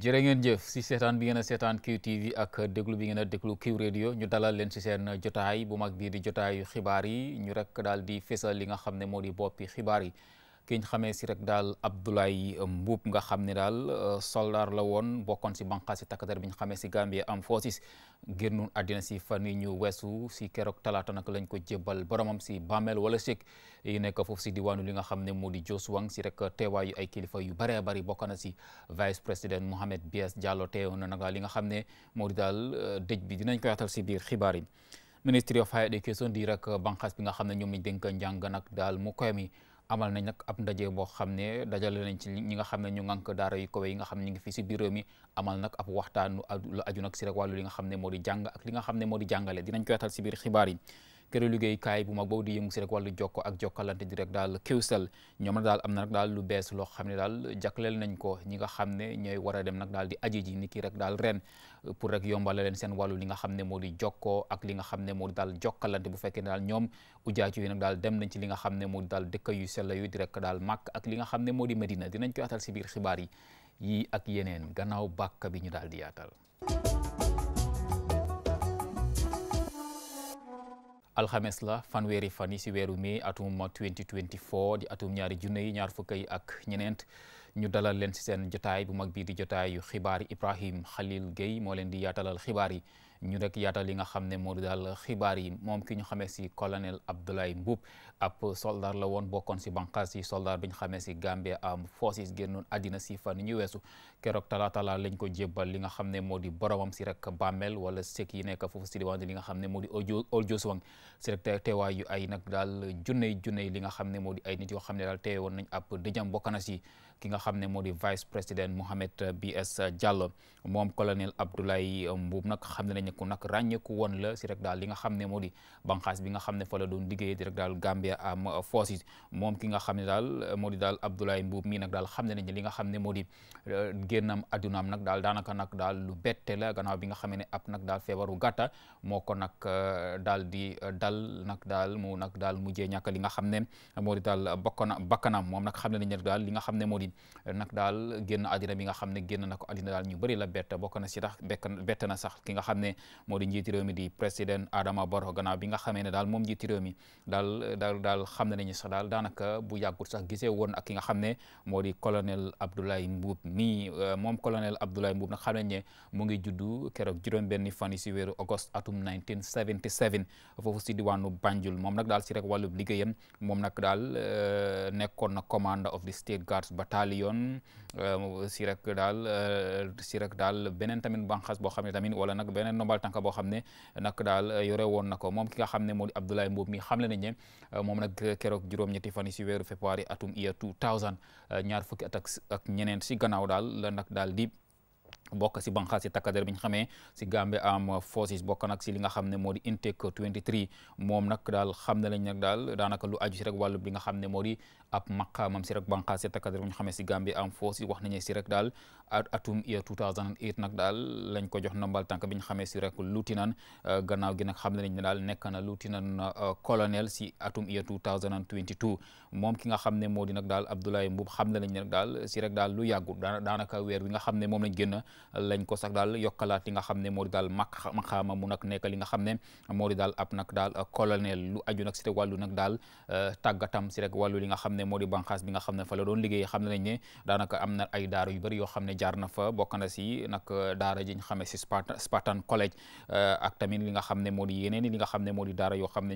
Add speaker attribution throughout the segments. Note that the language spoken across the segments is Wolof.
Speaker 1: jërë ngeen jëf si seetaan bi ngeen a seetaan QTV ak déglu bi ngeen a déglu Q Radio ñu dalal leen si seen jotaay bu mag bii di jotaayu xibaar yi ñu rek daal di fésal li nga xam ne moo di boppi xibaar yi. ki ñu xamee si rek daal Abdoulaye euh, mbub nga xam ne daal euh, soldaar la woon bokkoon si banqaas si takk der bi ñu xamee si Gambie am foosis génnoon àddina si fan yi wesu si keroog talaata nag lañ ko jébbal boromam si bàmmeel wala sek yi nekk foofu si diwaanu li nga xam ne moo di Joswang si rek teewaayu ay kilifa yu bëree bëri bokk na si vice président Mohamed Bias Diallo teewoon na nag li nga xam ne moo di daal euh, dëj bi dinañ ko yaatal si biir xibaar yi. Ministry of Higher Education di rek banqaas bi nga xam ne ñoom lañ dénk njàng nag daal mu mi amal nañ nag ab ndaje boo xam ne dajale nañ ci ñi nga xam ne ñu ngànk daara yu kawe yi nga xam ne ñu ngi fii si biir réew mi amal nag ab waxtaan lu aju nag si rek wàllu li nga xam ne moo di jàng ak li nga xam ne moo di jàngale dinañ ko yaatal si biir xibaar yi këru liggéeykaay bu mag boobu di yëngu si rek wàllu jokko ak jokkalante di rek daal Qcell ñoom nag daal am na nag daal lu bees loo xam ne daal jagleel nañ ko ñi nga xam ne ñooy war a dem nag daal di aji ji ni ki rek daal ren pour rek yombale leen seen wàllu li nga xam ne moo di jokkoo ak li nga xam ne moo di daal jokkalante bu fekkee daal ñoom ujaaju yi nag daal dem nañ ci li nga xam ne moo daal dëkk yu sella yu di rekk daal màkk ak li nga xam ne moo di Medina dinañ ko yaatal si biir xibaar yi yi ak yeneen gannaaw bàkk bi ñu daal di yaatal alxames la fanweeri fan yi si weeru mai atum 2024 di atum ñaari junne yi ñaar fukk yi ak ñeneent ñu dalal leen si seen jotaay bu mag bii di jotaayu xibaar Ibrahim Khalil Gueye moo leen di yaatalal xibaar yi ñu rek yaatal li nga xam ne moo di daal xibaar yi moom ki ñu xamee si colonel Abdoulaye mbub ap soldaar la woon bokkoon si banqaas si soldat bi ñu xamee si Gambia am forces génnoon àddina si fan ñu weesu keroog talaatala lañ ko jébbal li nga xam ne moo di boromam si rek bàmmeel wala sek yi nekk foofu si diwaan li nga xam ne moo di Oldjosuwang si rek ay nag daal junney junney li nga xam ne moo di ay nit yoo xam ne daal woon nañ ap dëjam bokk na si ki nga xam ne moo di vice président Mohamed euh, B.S. Euh, Diallo moom colonel Abdoulaye euh, Mbuub nag xam ne nañu ko nag ràññeeku woon la si rek daal li nga xam ne moo di banqaas bi nga xam ne fa la doon liggéeyee di rek daal Gambia am force yi moom nga xam ne daal moo di daal Abdoulaye Mbuub mii nag daal xam ne nañu li nga xam ne moo di génnam addunaam nag daal daanaka nag daal lu bette la gannaaw bi nga xam ne ab nag daal feebaru gàtta moo ko nag daal di dal nag daal mu nag daal mujjee ñàkk li nga xam ne moo di daal bakkanam bakkanam moom nag xam ne nañ rek daal li nga xam ne moo di ni nag daal génn àddina bi nga xam ne génn na ko àddina daal ñu bari la bett bokk na si tax bett na sax ki nga xam ne moo di njiiti réew mi di président Adama Barrow gannaaw bi nga xam ne daal moom njiiti réew mi daal daal xam ne nañu sax daal daanaka bu yàggut sax gisee woon ak ki nga xam ne moo di colonel Abdoulaye Mbuub mi euh, moom colonel Abdoulaye Mbuub nag xam nañ ne mu ngi juddu keroog juróom benni fan yi si weeru auguste atum 1977 foofu si diwaanu Banjul moom nag daal si rek wàllub liggéeyam moom nag daal euh, nekkoon na commander of taali yoon euh, si rek daal euh, si rek daal beneen tamin banqaas boo xam ne tamit wala nag beneen nombal tànk boo xam ne nag daal yore woon na ko moom ki nga xam ne moo di Abdoulaye Mboob mi xam le nañ ne euh, moom nag keroog juróom-ñetti fan yi si weeru février atum iya 2000 ñaar fukki at ak ñeneen si gannaaw daal la daal di bokk si banqaas si takkader bi ñu xamee si Gambia Armed Forces bokk nak si li nga xam ne moo di intake 23 moom nag daal xam ne lañ nag daal daanaka lu aju si rek wàllu bi nga xam ne moo di ab maqaamam si rek banqaas si takkader bi ñu xamee si Gambia Armed Forces wax nañu si rek daal atum year 2008 nag daal lañ ko jox ndombal tànk bi ñu xamee si rek lieutenant euh, gannaaw gi nag xam nañ ne daal nekk na lieutenant euh, colonel si atum year 2022 moom ki nga xam ne moo di nag daal Abdoulaye Mbuub xam nañ ne daal si rek daal lu yàggu daanaka weer wi nga xam ne moom lañ génn ko sax daal yokkalaat li nga xam ne moo di daal mak maqaama mu nag nekk li nga xam ne moo daal ab nag daal euh, colonel lu aju nag si rek wàllu nag daal tàggatam si rek li nga xam ne moo di bànqaas bi nga xam ne fa la doon liggéey xam nañ ne daanaka am na ay daara yu bëri yoo xam ne jaar na fa bokk na si nag euh, daara ji ñu xamee si Spartan Spartan College euh, ak tamit li nga xam ne moo di yeneen li nga xam ne moo di daara yoo xam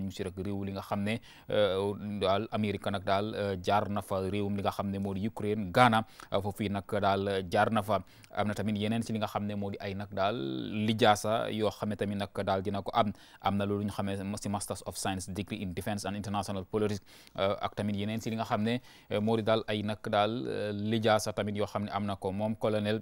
Speaker 1: euh, di Ukraine Ghana foofu na fa am na tamit yeneen si li nga xam ne ay nag daal lijaasa tamit yeneen si li nga xam ne daal ay nag daal lijaasa tamit yoo xam am na ko colonel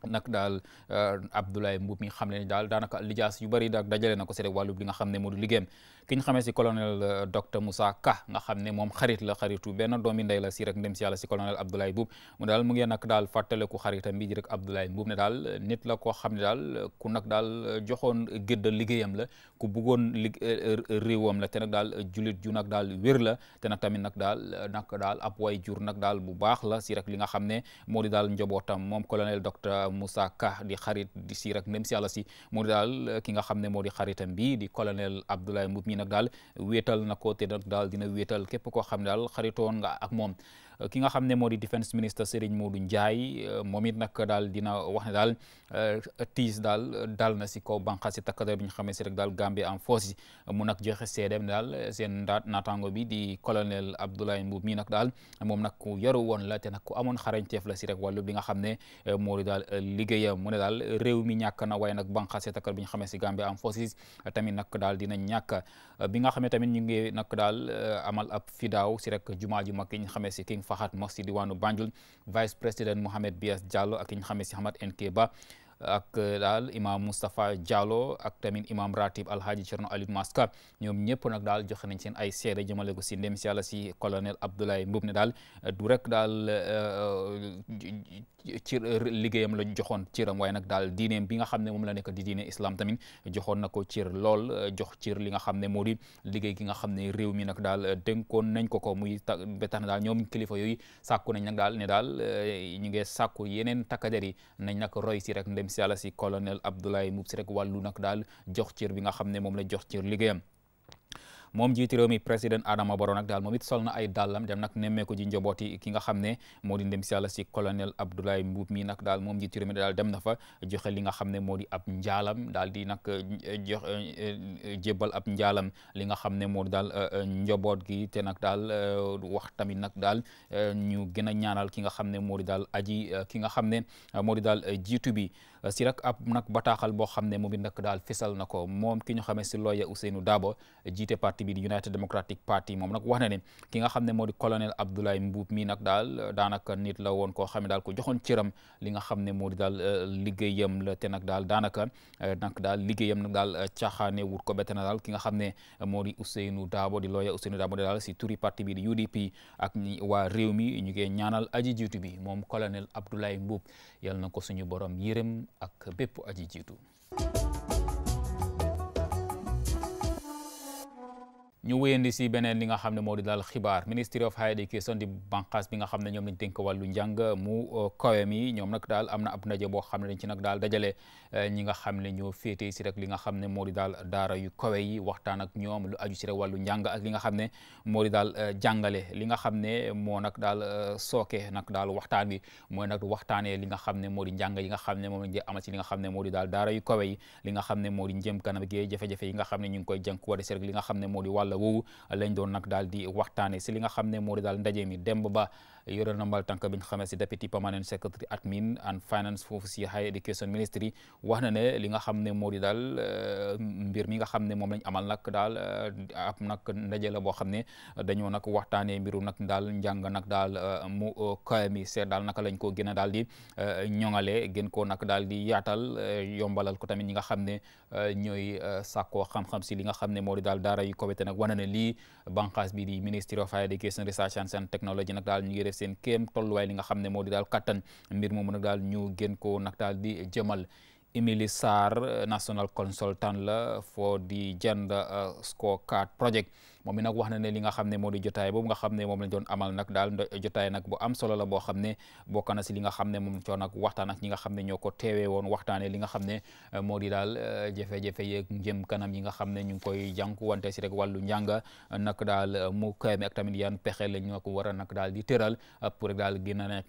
Speaker 1: nag daal euh, Abdoulaye Mbuub mi xam ne daal daal daanaka lijaas yu bari daal dajale na ko si rek wàllu nga xam ne moo di liggéeyam ki ñu xamee si colonel euh, docteur Moussa Ka nga xam ne moom xarit la xaritu benn doomi ndey la si rek ndem si yàlla si colonel Abdoulaye Mbuub mu daal mu ngi nag daal fàttaleku xaritam bi di rek Abdoulaye Mbuub ne daal nit la koo xam ne daal ku nag daal joxoon gëddal liggéeyam la ku buggoon lig euh, réewam la te nag daal julit ju nag daal wér la te nag tamit nag daal nag daal ab way jur nag daal bu baax la si rek li nga xam ne moo di daal njobootam moom colonel docteur musa Ka di xarit di si rek ndem si a si moo di daal nag daal na ko te daal dina wéetal képp koo xam ne daal xaritoon nga ak moom ki nga xam ne moo di defense minister Serigne Modou Ndiaye euh, moom it nag daal dina wax ne daal euh, tiis daal dal na si kaw banqaas si takkatar bi ñu xamee si rek daal Gambie en force yi mu nag joxe seedeem daal seen naataango bi di colonel Abdoulaye Mbub mi nag daal moom nag ku yaru woon la te ku amoon xarañteef la si rek wàllu bi nga xam ne euh, moo di daal liggéeyam mu ne daal réew mi ñàkk na waaye nag banqaas si takkar bi ñu xamee si Gambie en force yi tamit nag daal dina ñàkk bi nga xam ne tamit ñu ngi daal amal ab fidaaw si rek Fahad Mossi diwaanu Banjul vice président Mohamed Bias Diallo ak ki ñu xamee Ba ak eh, daal imam Moustapha Diallo ak tamit imam ratib alhaaji Cerno Aliou Maska ñoom ñëpp nag daal joxe nañ seen ay seede jëmale ko si ndem si yàlla si colonel Abdoulaye Mbub ne daal eh, du rek daal eh, ci liggéeyam la joxoon ciram waaye nag daal diineem bi nga xam ne moom la nekk di diine islam tamit joxoon na ko cir lool jox cir li nga xam ne moo di liggéey gi nga xam ne réew mi nag daal dénkoon nañ ko ko muy ta ba tax na daal ñoom kilifa yooyu sàkku nañ nag daal ne daal ñu ngi sàkku yeneen takkader yi nañ nag roy rek ndem si yàlla si colonel Abdoulaye Moussi rek wàllu nag daal jox cër bi nga xam ne moom la jox cër liggéeyam moom jiiti réew mi président Adama Barrow nag daal moom it sol na ay dàllam dem nag nemmeeku ji njabooti ki nga xam ne moo di ndem si yàlla si colonel Abdoulaye Mboup mi nag daal moom jiiti réew mi daal dem na fa joxe li nga xam ne moo di ab njaalam daal di nag eh, jox eh, eh, jébbal ab njaalam li nga xam ne moo di daal njaboot gi te nag daal wax tamit nag daal ñu gën a ñaanal ki nga xam ne moo di daal aji ki nga xam ne moo di daal jiitu bi si rak ab nag bataaxal boo xam ne moom it nag daal fisal na ko moom ki ñu xamee si looya Ousseynou Dabo jiite parti parti bi di United Democratic Party moom nag wax na ne ki nga xam ne moo di colonel Abdoulaye Mbuub mi nag daal euh, daanaka nit la woon koo xam ne daal ko joxoon cëram li nga xam ne moo di daal euh, liggéeyam la te nag daal daanaka euh, nag daal liggéeyam nag daal caaxaane wut ko bette na daal ki nga xam ne moo di Ousseynou Daabo di lawyer Ousseynou Daabo di daal si turi parti bi di UDP ak waa réew mi ñu ngi ñaanal aji jiitu bi moom colonel Abdoulaye Mbuub yal na ko suñu borom yërëm ak bépp aji jiitu ñu wéyandi si beneen li nga xam ne moo di daal xibaar Ministry of Higher Education di bànqaas bi nga xam ne ñoom lañ dénk wàllu njàng mu kawe ñoom nag daal am na ab ndaje boo xam ne dañ ci nag daal dajale ñi nga xam ne ñoo féete si rek li nga xam ne moo di daal daara yu kawe yi waxtaan ak ñoom lu aju si wàllu njàng ak li nga xam ne moo di daal jàngale li nga xam ne moo nag daal sooke nag daal waxtaan bi mooy nag waxtaanee li nga xam ne moo di njàng yi nga xam ne moom lañ amal si li moo di daal daara yu kawe yi li moo di njëm kanam gee jafe-jafe yi nga xam ne ñu ngi koy jànkuwale si rek li xam ne moo di wàll woowu lañ doon nag daal di waxtaane si li nga xam ne moo di daal ndaje mi demb ba yore ndombal tànk bi nga xam ne si deputy permanent secretary admin and finance foofu si education ministry wax na ne li nga xam ne moo di daal euh, mbir mi nga xam ne moom lañ amal nak daal euh, ab nag ndaje la boo xam ne dañoo nag waxtaanee mbiru nag daal njàng nag daal euh, mu kaay mi seet daal naka lañ ko gën a daal di ñoŋale gën ko nak daal di yaatal yombalal ko tamit ñi nga xam ne ñooy sàkkoo xam-xam si li nga xam ne moo di daal daara yu kowete nag wane ne bi di def seen kéem tolluwaay li nga xam ne moo di daal kattan mbir moomu nag daal ñu gën koo nag daal di jëmal Emily Sarr national consultant la for the gender euh, scorecard project moom mi nag wax na ne li nga xam ne moo di jotaay boobu nga xam ne moom lañ doon amal nag daal jotaay nag bu am solo la boo xam ne bokk na si li nga xam ne moom coo nag ak ñi nga xam ne ñoo ko teewee woon li nga xam ne eh, moo di daal eh, jafe-jafe yeeg jëm kanam yi nga xam ne ñu ngi koy jànku wante si rek wallu njànga nak daal eh, mu kay mi ak tamit yan pexe la ñu ko war a nag daal di tëral pour rek daal gën a nag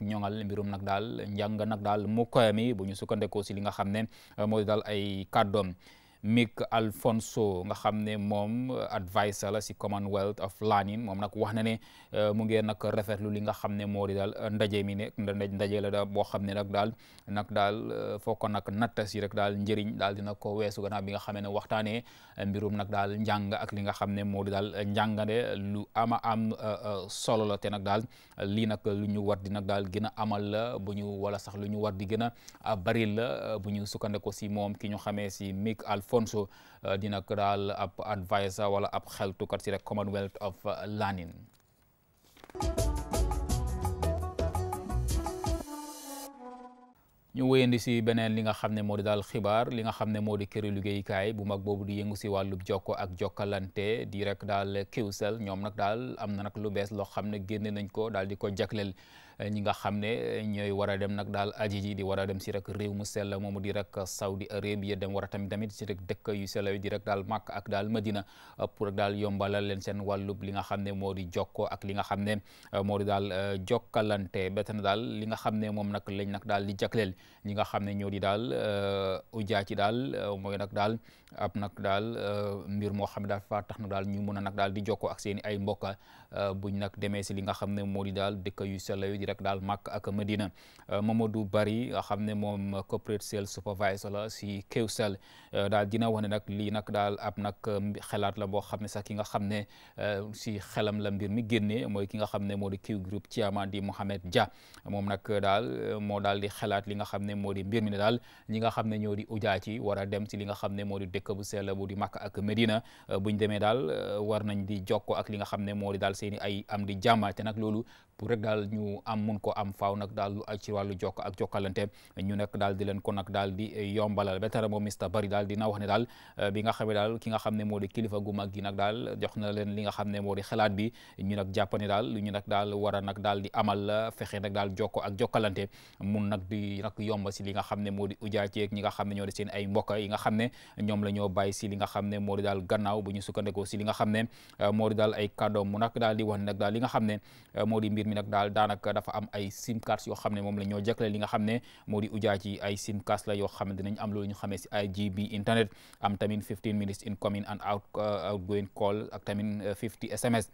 Speaker 1: mbirum nag daal njàng nag daal mu kay mi bu ñu sukkandekoo si li nga xam ne moo daal ay kàddoom Mick Alfonso nga xam ne moom uh, advisor la si Commonwealth of Learning moom nag wax na ne uh, mu ngeen nag rafetlu li nga xam ne moo di daal uh, ndaje mi ne ndaje la daal boo xam ne nag daal nag daal foo ko nag natta si rek daal njëriñ daal dina ko weesu naa bi nga xam ne waxtaanee mbirum nag daal njàng ak li nga xam ne moo di daal njàngane lu ama am solo la te nag daal lii nag lu ñu war di nag daal gën a amal bu ñu wala sax lu ñu war di gën a bari bu ñu sukkandeko si moom ki ñu xamee si Mick Alfonso euh, dina ko daal ab advisor wala ab xeltukat si rek Commonwealth of Learning. ñu wéyandi si beneen li nga xam ne moo di daal xibaar li nga xam ne moo di këri liggéeykaay bu mag boobu di yëngu si wàllub jokko ak jokkalante di rek daal kiwsel ñoom nag daal am na nag lu bees loo xam ne génne nañ ko daal di ko jagleel. ñi nga xam ne eh, ñooy war a dem nag daal aji ji di war a dem si rek réew mu moom moomu di rek Saudi Arabia dem war a tamit tamit si rek dëkk yu sell di rek daal Makka ak daal Madina eh, pour rek daal yombalal leen seen wàllub li nga xam ne moo di jokkoo ak li nga xam ne eh, moo di daal jokkalante bett na daal li nga xam ne moom nag lañ nag daal di jagleel ñi nga xam ne ñoo di daal ujaa ci daal mooy nag daal ab nag daal euh, mbir moo xam daal fa tax na daal ñu mën a nag daal di jokko ak seen ay mbokk euh, buñ nag demee si li nga xam ne moo di daal dëkk yu sell yu di rek daal Makka ak Medina euh, du Bari nga xam ne moom corporate sales supervisor la si Qcell Euh, daal dina wane ne nag lii nag daal ab nag um, xalaat la boo xam ne sax ki nga xam ne euh, si xelam la mbir mi génnee mooy ki nga xam ne moo di Q Group chairman di Mohamed Jah moom nag daal euh, moo daal di xalaat li nga xam ne moo di mbir mi ne daal ñi nga xam ne ñoo di ujaa ci war a dem si li nga xam ne moo di dëkk bu sell bu di Makka ak Medina buñ demee daal war nañ di jokko ak li nga xam ne moo di daal seeni ay am di jàmm te nag loolu pour rek daal ñu am mun ko am faaw nag daal lu ci wàllu jokk ak jokkalante ñu nag daal di leen ko nag daal di yombalal ba tara moom Mister bari daal dina wax ne daal euh, bi nga xamee daal ki nga xam ne moo di kilifa gu mag gi nag daal jox na leen li nga xam ne moo di xalaat bi nag jàpp ne daal ñu nag daal war a nag daal di amal euh, fexe nag daal jokko ak jokkalante mun nag di nag yomba si li nga xam ne moo di ujaaceeg ñi nga xam ne ñoo seen ay mbokk yi nga xam ne ñoom la ñoo bàyyi si li nga xam ne moo di daal gannaaw bu ñu sukkandikoo si li nga xam ne euh, moo di daal ay kàddoom mu nag daal di wax ne nag mbir mi daal daanaka dafa am ay sim cards yoo xam ne moom la ñoo jëkkale li nga xam ne moo di ujaa ci ay sim cards la yo xam ne dinañ am lool ñu xamee si ay GB internet am tamit 15 minutes commune and out uh, outgoing call ak tamit 50 uh, SMS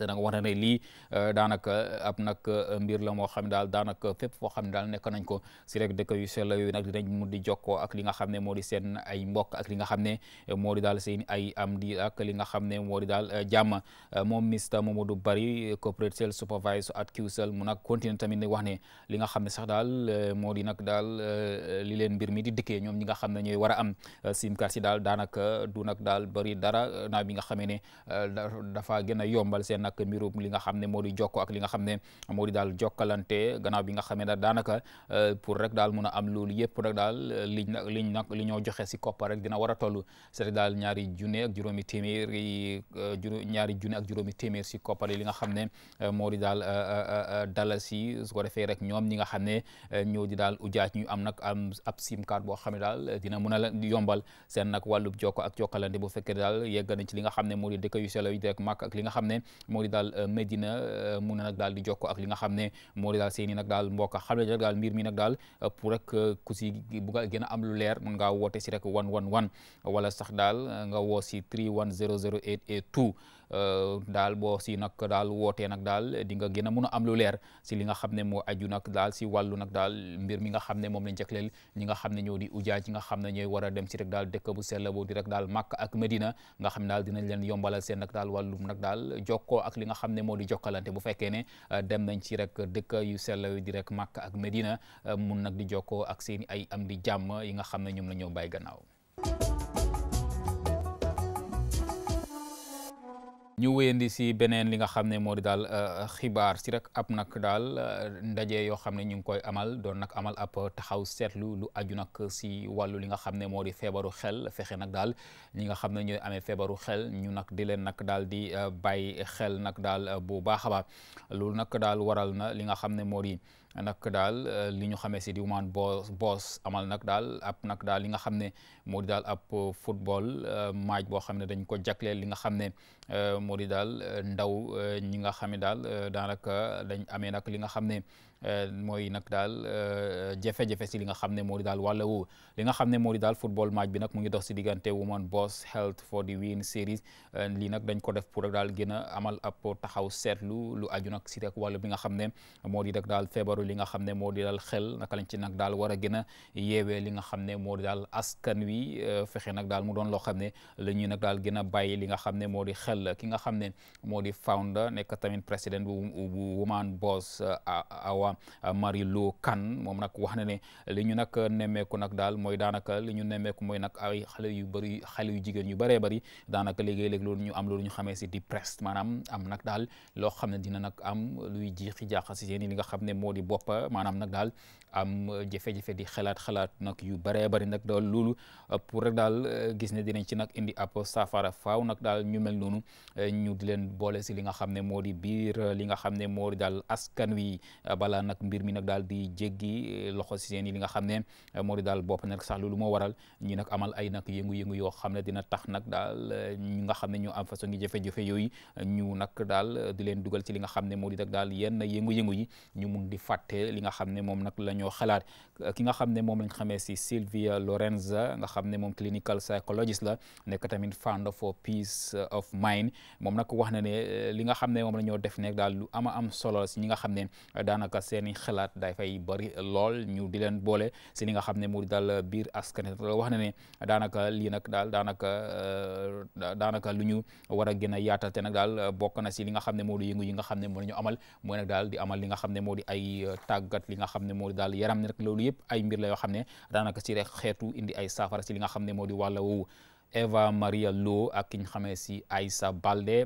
Speaker 1: te da nga wax ne lii euh, daanaka ab nag euh, mbir la moo xam ne daal daanaka fépp foo xam ne daal nekk nañ ko si rek dëkk yu sell yooyu nag dinañ mun di jokkoo ak li nga xam ne moo di seen ay mbokk ak li nga xam ne euh, moo di daal seen ay am di ak li nga xam ne moo di daal jàmm moom Mr bari Barry corporate sales supervisor at QCell mu nag continuer tamit ne wax ne li nga xam ne sax daal moo di nag daal li leen mbir mi di dikkee ñoom ñi nga xam ne ñooy war a am sim card si daal daanaka du nag daal bari dara naa bi nga xamee ne dafa gën a yombal seen nag mbirum li xam ne moo di jokko ak li nga xam ne moo di daal jokkalante gannaaw bi nga euh, pour rek daal mun a am loolu yëpp rek daal liñ nag liñ nag li ñoo joxe si koppa rek dina war a toll c'est daal ñaari junne ak juróomi téeméer yi euh, ñaari junne ak juróomi téeméer si koppar li nga xam ne euh, moo di daal dalasi su ko defee rek ñoom ñi nga xam ne ñoo di daal ujaaj ñu am nag am ab sim card boo xam ne daal dina mun a yombal seen nag wàllub jokko ak jokkalante bu fekkee daal yegg nañ ci xam ne moo di yu selo yi ak li xam ne moo di daal euh, Medina euh, mu ne nag daal di jokko ak li nga xam ne moo daal seen i daal mbokk xam ne mbir mi nag daal euh, pour rek ku si bu nga gën a am lu leer mun ngaa woote si rek one one one wala sax daal nga woo si three one zero zero eight eight two daal boo si nag daal wootee nag daal di nga gën a mun am lu leer si li nga xam ne moo aju nag daal si wàllu nag daal mbir mi nga xam ne moom lañ jagleel li nga xam ne ñoo di ujaaj ñi nga xam ne ñooy war a dem si rek daal dëkk bu sell boo di rek daal Makka ak Medina nga xam ak li nga xam ne moo di jokkalante bu fekkee ne euh, dem nañ ci rek dëkk yu sell yu di rek Makka ak Medina euh, mun nag di jokkoo ak seen ay am di jàmm yi nga xam ne ñoom la ñoo bàyyi gannaaw ñu wéyandi si beneen li nga xam ne moo di daal euh, xibaar si rek ab nag daal euh, ndaje yoo xam ne ñu ngi koy amal doon nag amal ab taxaw seetlu lu aju nag si wàllu li nga xam ne moo di feebaru xel fexe nag daal li nga xam ne ñooy amee feebaru xel ñu nag di leen nag daal di euh, bàyyi xel nag daal bu baax a baax loolu nag daal waral na li nga xam ne moo di nag daal euh, li ñu xamee si di Women Boss Boss amal nag daal ab nag daal li nga xam ne moo daal ab football euh, maaj boo xam ne dañ ko jagleel li nga xam ne euh, moo di daal ndaw ñi nga xam ne daal daanaka dañ amee nag li nga xam ne Euh, mooy nag daal euh, jafe-jafe si li nga xam ne moo di daal wàll wu li nga xam ne moo di daal football match bi nag mu ngi dox si diggante woman boss health for the win series euh, lii nag dañ ko def pour rek daal gën a amal ab taxaw seetlu lu aju nag si rek wàllu bi nga xam ne moo di rek daal feebaru li nga xam ne moo di daal xel naka lañ ci nag daal war a gën a yeewee li nga xam ne moo di daal askan wi fexe nag daal mu doon loo xam ne la ñuy nag daal gën a bàyyi li nga xam ne moo di xel ki nga xam ne moo di founder nekk tamit président bu woman boss awa Awa euh, Marie Lo Kane moom nag wax na ne li ñu nag nemmeeku nag daal mooy daanaka li ñu nemmeeku mooy nag ay xale yu bari xale yu jigéen yu bëree bari daanaka léegi-léeg loolu ñu am loolu ñu xamee si di presse maanaam am nag daal loo xam ne dina nag am luy jiixi jaaxa si seen li nga xam ne moo di bopp maanaam nag daal am jafe-jafe di xalaat xalaat nag yu bëree bari nag daal loolu pour rek daal euh, gis ne dinañ ci nag indi ab saafara faaw nag daal ñu mel noonu euh, ñu di leen li nga xam ne li nga xam nag mbir mi nag daal di jéggi eh, loxo si seen yi li nga xam ne eh, moo di daal bopp nag sax loolu moo waral ñi nag amal ay nag yëngu-yëngu yoo xam ne dina tax nag daal eh, ñi nga xam ne ñu am façon ngi jafe-jafe yooyu ñu nag dugal ci li nga xam ne moo di nag daal yenn yëngu-yëngu yi ñu mun di fàtte li nga xam ne moom nag la ñoo xalaat ki nga xam ne moom lañ xamee si Sylvia Lorenza nga xam ne moom clinical psychologist la nekk tamit founder for peace of mind moom nag wax na li nga xam ne moom la ñoo def nekk daal lu ama am solo si ñi nga xam ne daanaka seeni xalaat day fay bari lool ñu di leen boole si li nga xam ne moodi daal biir askan wax na ne daanaka lii nag daal daanaka euh, daanaka lu ñu war a gën a yaatal te nag daal bokk si li nga xam ne moo di yëngu yi nga xam ne moo ñu amal mooy daal di amal li nga xam ne moo di ay euh, tàggat li nga xam ne moo di daal yaram ne rek loolu yëpp ay mbir la yoo xam ne daanaka si rek xeetu indi ay saafara si li nga xam ne moo di wàlla woowu Eva Maria Lo ak ki ñu xamee si Aïssa Balde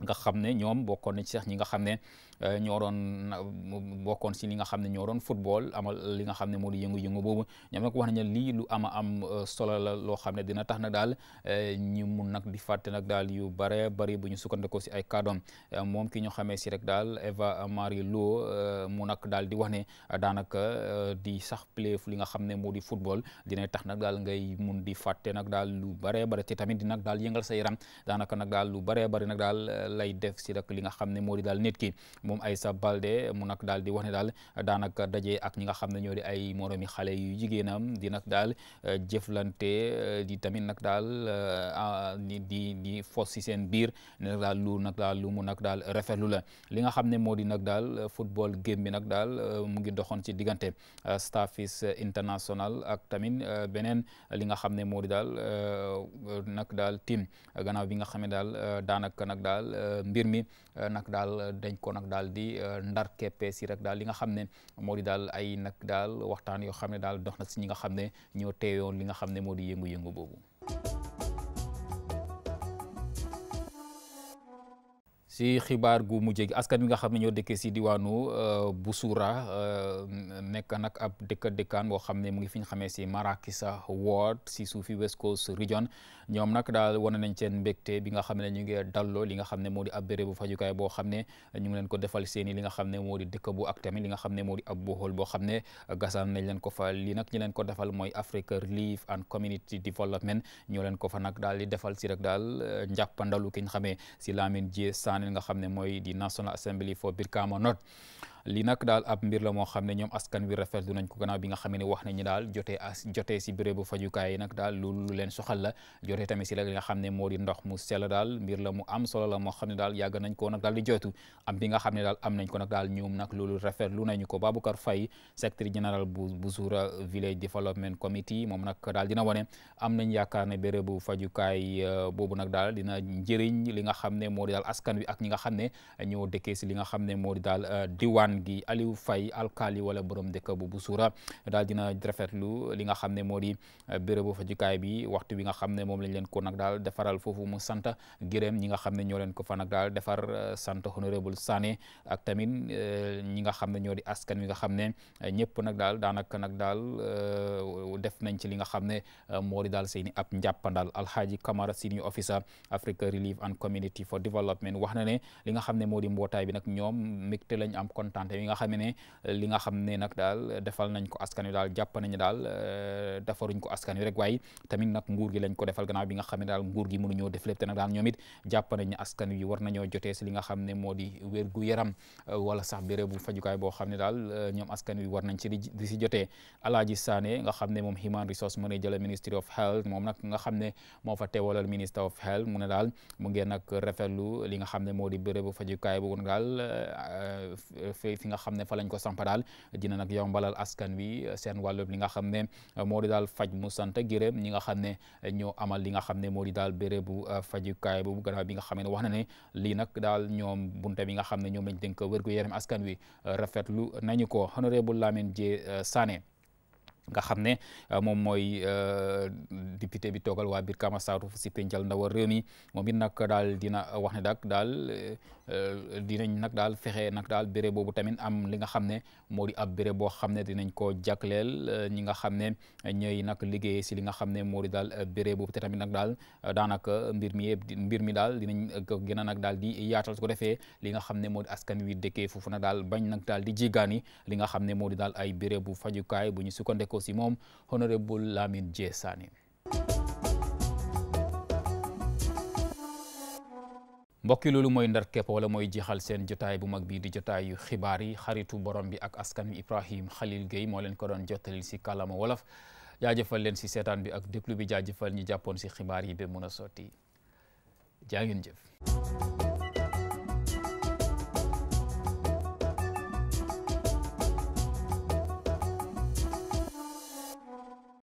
Speaker 1: nga xam ne ñoom bokkoon na ci sax ñi nga xam ne Euh, ñoo doon bokkoon si li nga xam ne ñoo doon football amal li nga xam ne moo di yëngu-yëngu boobu ñoom nag wax nañu lii lu ama am euh, solo la loo xam ne dina tax nag daal euh, ñu mun nag di fàtte nag daal yu bare bari bu ñu sukkandikoo si ay kàddoom moom ki ñu xamee si rek daal Eva Marie Lo mu nag daal di wax daanaka di sax play li nga xam ne moo di football dina tax nag daal ngay mun di fàtte nag daal lu bare bare te tamit di nag daal yëngal sa yaram daanaka nag daal lu bare bari nag daal lay def si rek li nga xam ne moo di daal nit ki moom Aïssa Baldé mu nag daal di wax daal daanaka daje ak ñi nga xam ne ñoo di ay moromi xale yu jigéenam di nag daal euh, jëflante euh, di tamit nag daal euh, ah, di di fos si seen biir ne daal lu nag daal lu mu nag daal rafetlu la li nga xam ne moo di nag daal football game bi nag daal mu ngi doxoon ci diggante Starfish International ak tamit beneen li nga xam ne moo di daal nak daal team gannaaw bi nga xam ne daal daanaka nag daal mbir mi nag daal dañ ko nag daal di euh, ndar keppee si rek daal li nga xam ne moo di daal ay nag daal waxtaan yoo xam ne daal dox na si ñi nga xam ne ñoo teewoon li nga xam ne moo di yëngu-yëngu boobu si xibaar gu mujj gi askan wi nga xam ne ñoo dëkkee si diwaanu euh, Busuura euh, nekk nag ab dëkka dekkaan boo xam ne mu ngi fi ñu xamee si Marakisa Ward si suufi West Coast Region ñoom nag daal wane nañ ceen mbégte bi nga xam ne ñu ngi dalloo li nga xam ne moo di ab bu fajukaay boo xam ne ñu ngi leen ko defal seen i li nga xam ne moo di dëkk bu ak li nga xam ne moo di ab boxol boo xam ne gasaan nañ leen ko fa li nag ñu leen ko defal mooy Africa Relief and Community Development ñoo leen ko fa nag daal di defal si daal euh, njàppandalu ki ñu li nga xam ne mooy di National Assembly for Birkama North li nag daal ab mbir la moo xam ne ñoom askan wi rafetlu nañ ko gannaaw bi nga xam ne wax nañu daal jote as si bérébu fajukaay yi nag daal loolu leen soxal la jotee tamit si la nga xam ne moo di ndox mu sell daal mbir la mu am solo moo xam ne daal yàgg nañ ko nag daal di joytu bi nga xam ne daal am nañ ko nag daal ñoom nag loolu rafetlu nañu ko Baboucar Faye secrétaire général bu Buzuura Village Development Committee moom nag daal dina wane am nañ yaakaar ne bérébu fajukaay euh, boobu nag daal dina njëriñ li nga xam ne moo di daal askan wi ak ñi nga xam ne ñoo dëkkee si li nga xam ne moo di daal euh, diwaan waxtaan gi Aliou Faye alkali wala borom dëkk bu Busuura daal dina rafetlu li nga xam ne moo di eh, bérébu fajukaay bi waxtu bi nga xam ne moom lañ leen ko nag daal defaral foofu mu sant gërëm ñi nga xam ne ñoo leen ko fa nag daal defar eh, sant honorable Sané ak tamit eh, ñi nga xam ne ñoo di askan wi nga xam ne ñëpp nag daal daanaka nag daal def nañ ci li nga xam ne moo di daal seeni ab njàppandal Alhaji Kamara senior officer Africa Relief and Community for Development wax li nga xam ne moo di bi nag ñoom mbégte lañ am ante yi nga xam ne li nga xam ne nag daal defal nañ ko askan wi daal jàpp nañu daal euh, defaruñ ko askan wi rek waaye tamit nag nguur gi lañ ko defal gannaaw bi nga xam ne daal nguur gi mënuñoo def lépp te ñoom it jàpp nañ ne askan war nañoo jotee si li nga xam ne moo di wér gu yaram euh, wala sax béréb bu fajukaay boo xam ne daal euh, ñoom askan wi war nañ ci di si jotee Alaaji Sané nga xam ne moom Human Resource Manager la Ministry of Health moom nag nga xam ne moo fa teewalal Minister of Health mu ne daal mu ngeen nag rafetlu li nga xam ne moo di bérébu fajukaay boobu daal foofee fi nga xam ne fa lañ ko samp daal dina nag yombalal askan wi euh, seen wàllub li nga xam ne euh, moo di daal faj mu sant gërëm ñi nga xam ne euh, ñoo amal li nga xam ne moo di daal bérébu fajukaay boobu gannaaw bi nga xam ne wax na ne lii nag daal ñoom bunte bi nga xam ne ñoom lañ dénk wér gu yaram askan wi rafetlu nañu ko honorable Lamine J Sané nga xam ne euh, moom mooy euh, député bi toogal waa biir Kamassaaru si penjal ndawa réew mi moom it nag daal dina wax ne dak daal euh, dinañ nag daal fexe nag daal béré boobu tamit am li nga xam ne moo di ab béré boo xam ne dinañ koo jagleel ñi nga xam ne ñooy nag liggéey si li nga xam ne moo di daal béré boobu te tamit nag daal daanaka mbir mi yëpp mbir mi daal dinañ gën a nag daal di yaatal su ko defee li nga xam ne moo di askan wi dëkkee foofu na daal bañ nag daal di jigaani li nga xam ne moo daal ay béré bu fajukaay bu ñu sukkandeko ko si moom honorable Lamin J Sani mbokki loolu mooy ndar wala mooy jeexal seen jotaay bu mag bii di jotaayu xibaar yi xaritu borom bi ak askan wi Ibrahim Khalil Gueye moo leen ko doon jottali ci kàllaama wolof jaajëfal leen si seetaan bi ak déglu bi jaajëfal ñi jàppoon si xibaar yi ba mun a sotti jaangeen ngeen